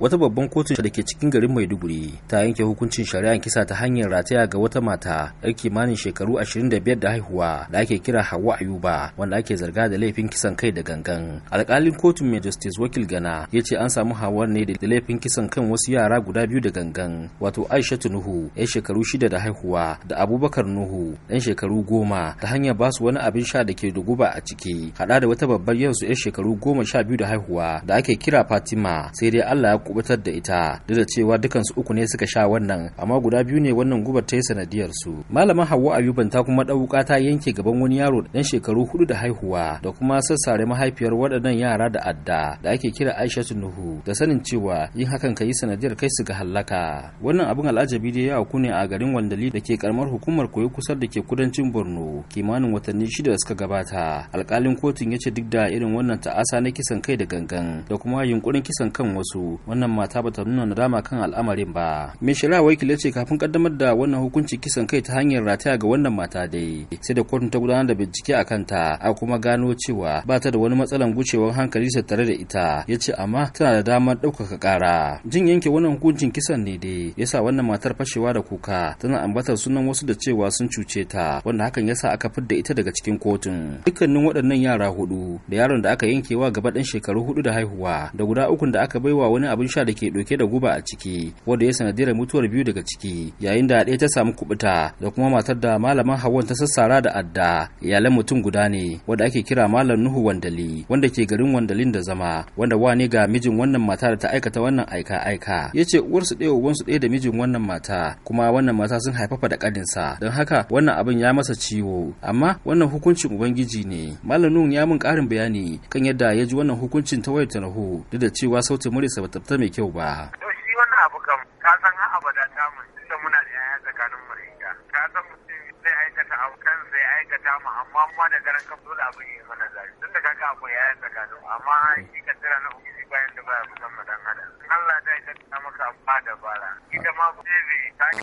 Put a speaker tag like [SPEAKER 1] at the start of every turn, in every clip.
[SPEAKER 1] wata babban kotun da ke cikin garin maiduguri ta yanke hukuncin shari'ar kisa ta hanyar rataya ga wata mata yar kimanin shekaru 25 da haihuwa da ake kira hawa ayuba wanda ake zarga da laifin kisan kai da gangan alkalin kotun mai justice wakil gana ya ce an samu hawa ne da laifin kisan kan wasu yara guda biyu da gangan wato aisha nuhu yar shekaru shida da haihuwa da abubakar nuhu dan shekaru goma ta hanyar ba su wani abin sha da ke da guba a ciki hada da wata babbar yansu yar shekaru goma sha biyu da haihuwa da ake kira fatima sai dai allah ya kubutar da ita duk da cewa dukansu uku ne suka sha wannan amma guda biyu ne wannan gubar ta yi sanadiyar su malamin Hauwa Ayuban ta kuma ɗauka ta yanke gaban wani yaro dan shekaru hudu da haihuwa da kuma sassare mahaifiyar waɗannan yara da adda da ake kira aisha Nuhu da sanin cewa yin hakan ka yi sanadiyar kai su ga hallaka wannan abin al'ajabi da ya ku ne a garin Wandali da ke karamar hukumar koyi kusa da ke kudancin Borno kimanin watanni shida da suka gabata alkalin kotun ya ce duk da irin wannan ta'asa na kisan kai da gangan da kuma yunkurin kisan kan wasu wannan mata bata nuna nadama kan al'amarin ba mai shari'a ce kafin kaddamar da wannan hukunci kisan kai ta hanyar rataya ga wannan mata dai sai da kotun ta gudanar da bincike a kanta a kuma gano cewa ba ta da wani matsalan gucewar hankali sa tare da ita ya ce amma tana da damar ɗaukaka ƙara jin yanke wannan hukuncin kisan ne dai yasa wannan matar fashewa da kuka tana ambatar sunan wasu da cewa sun cuce ta wanda hakan ya sa aka fidda ita daga cikin kotun dukkanin waɗannan yara hudu da yaron da aka yankewa gaba ɗan shekaru hudu da haihuwa da guda ukun da aka baiwa wani abin Masha sha da ke dauke da guba a ciki wanda ya sanadiyar mutuwar biyu daga ciki yayin da ɗaya ta samu kubuta da kuma matar da malaman hawan ta sassara da adda iyalan mutum guda ne wanda ake kira malam nuhu wandali wanda ke garin wandalin da zama wanda wani ga mijin wannan mata da ta aikata wannan aika aika ya ce uwarsu ɗaya su ɗaya da mijin wannan mata kuma wannan mata sun haifafa da ƙaninsa don haka wannan abin ya masa ciwo amma wannan hukuncin ubangiji ne malam nuhu ya mun ƙarin bayani kan yadda ya ji wannan hukuncin ta wayar rahu duk da cewa sautin murisa ba ta mai kyau ba.
[SPEAKER 2] To shi wannan abu kam ka san har abada ta mu tunda muna da yaya tsakanin mu da Ka san mutum zai aikata abu kan sai aikata mu amma mu da garan kan dole abu yi mana zai. Tunda kaga akwai yaya tsakanin amma mm. shi ka tira na ubiji bayan da baya kusan mu dan hada. Allah ta yi ta maka ba da bara. Ita ma ku zai ta ki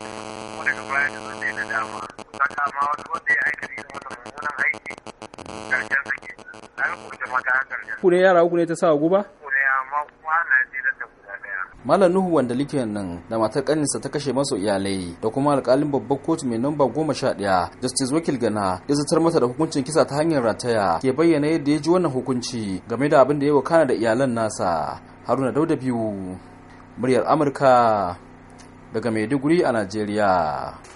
[SPEAKER 2] wani da bayan da zai da dama. Ta kama wasu wanda ya aikata irin wannan mummunan aiki. Karshen sake. ta
[SPEAKER 1] Ku ne yara uku ne ta sa guba?
[SPEAKER 2] Ku ne amma kuma ana jira da ta
[SPEAKER 1] Malam Nuhu wanda likin nan da matar kaninsa ta kashe masu iyalai da kuma alƙalin babbar kotu mai namba goma sha ɗaya Justice Wakil Gana ya zartar mata da hukuncin kisa ta hanyar rataya ke bayyana yadda ya ji wannan hukunci game da abin da ya wakana da iyalan nasa. Haruna Dauda biyu muryar Amurka daga Maiduguri a Najeriya.